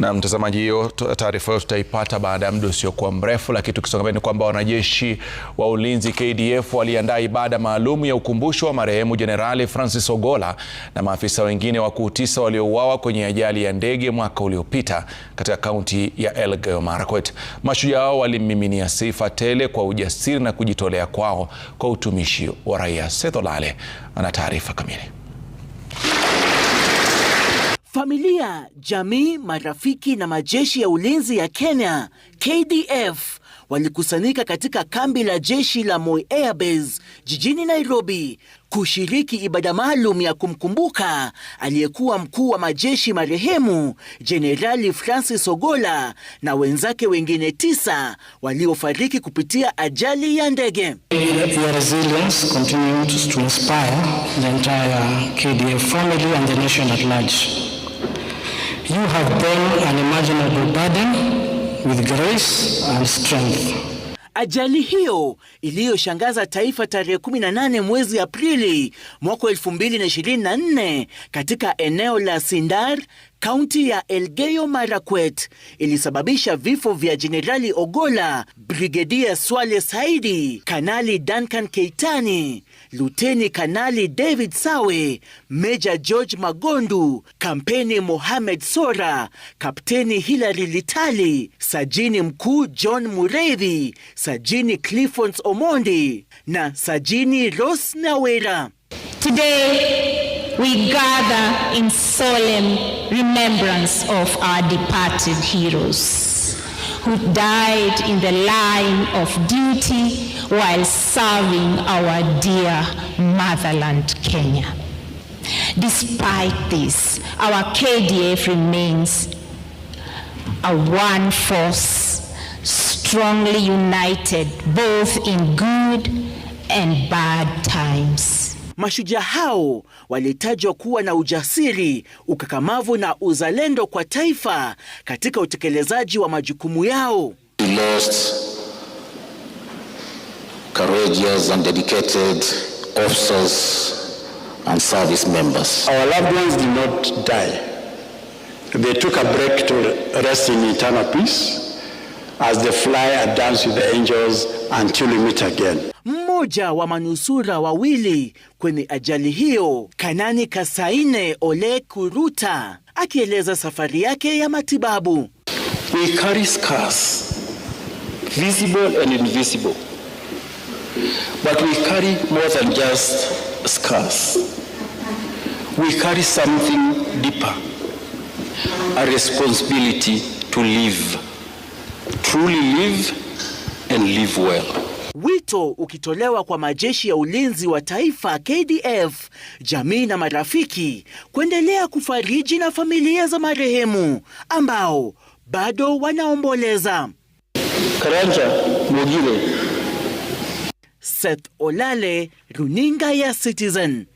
Na mtazamaji, hiyo taarifa hiyo tutaipata baada ya muda usiokuwa mrefu, lakini tukisonga mbele ni kwamba wanajeshi wa ulinzi KDF waliandaa ibada maalum ya ukumbusho wa marehemu Jenerali Francis Ogolla na maafisa wengine wakuu tisa waliouawa kwenye ajali ya ndege mwaka uliopita katika kaunti ya Elgeyo Marakwet. Mashujaa hao walimiminia sifa tele kwa ujasiri na kujitolea kwao kwa utumishi wa raia. setholale ana taarifa kamili. Familia, jamii, marafiki na majeshi ya ulinzi ya Kenya KDF walikusanyika katika kambi la jeshi la Moi Air Base jijini Nairobi kushiriki ibada maalum ya kumkumbuka aliyekuwa mkuu wa majeshi marehemu Jenerali Francis Ogola na wenzake wengine tisa waliofariki kupitia ajali ya ndege. You have borne an imaginable burden with grace and strength. Ajali hiyo iliyoshangaza taifa tarehe 18 mwezi Aprili mwaka 2024 katika eneo la Sindar, kaunti ya Elgeyo Marakwet ilisababisha vifo vya Jenerali ogola Brigedia Swale Saidi, Kanali Duncan Keitani Luteni Kanali David Sawe, Meja George Magondu, Kampeni Mohamed Sora, Kapteni Hilary Litali, Sajini Mkuu John Murevi, Sajini Cliffons Omondi na Sajini ros Nawera. Today we gather in solemn remembrance of our departed heroes. who died in the line of duty while serving our dear motherland, Kenya. Despite this, our KDF remains a one force, strongly united both in good and bad times. Mashujaa hao walitajwa kuwa na ujasiri, ukakamavu na uzalendo kwa taifa katika utekelezaji wa majukumu yao. We lost courageous and dedicated officers and service members. Our loved ones did not die. They took a break to rest in eternal peace as they fly and dance with the angels until we meet again mmoja wa manusura wawili kwenye ajali hiyo, Kanani Kasaine Ole Kuruta akieleza safari yake ya matibabu. We carry scars, visible and invisible. But we carry more than just scars. We carry something deeper. A responsibility to live. Truly live and live well. Wito ukitolewa kwa majeshi ya ulinzi wa taifa KDF, jamii na marafiki kuendelea kufariji na familia za marehemu ambao bado wanaomboleza. Karanja Mugire. Seth Olale, Runinga ya Citizen.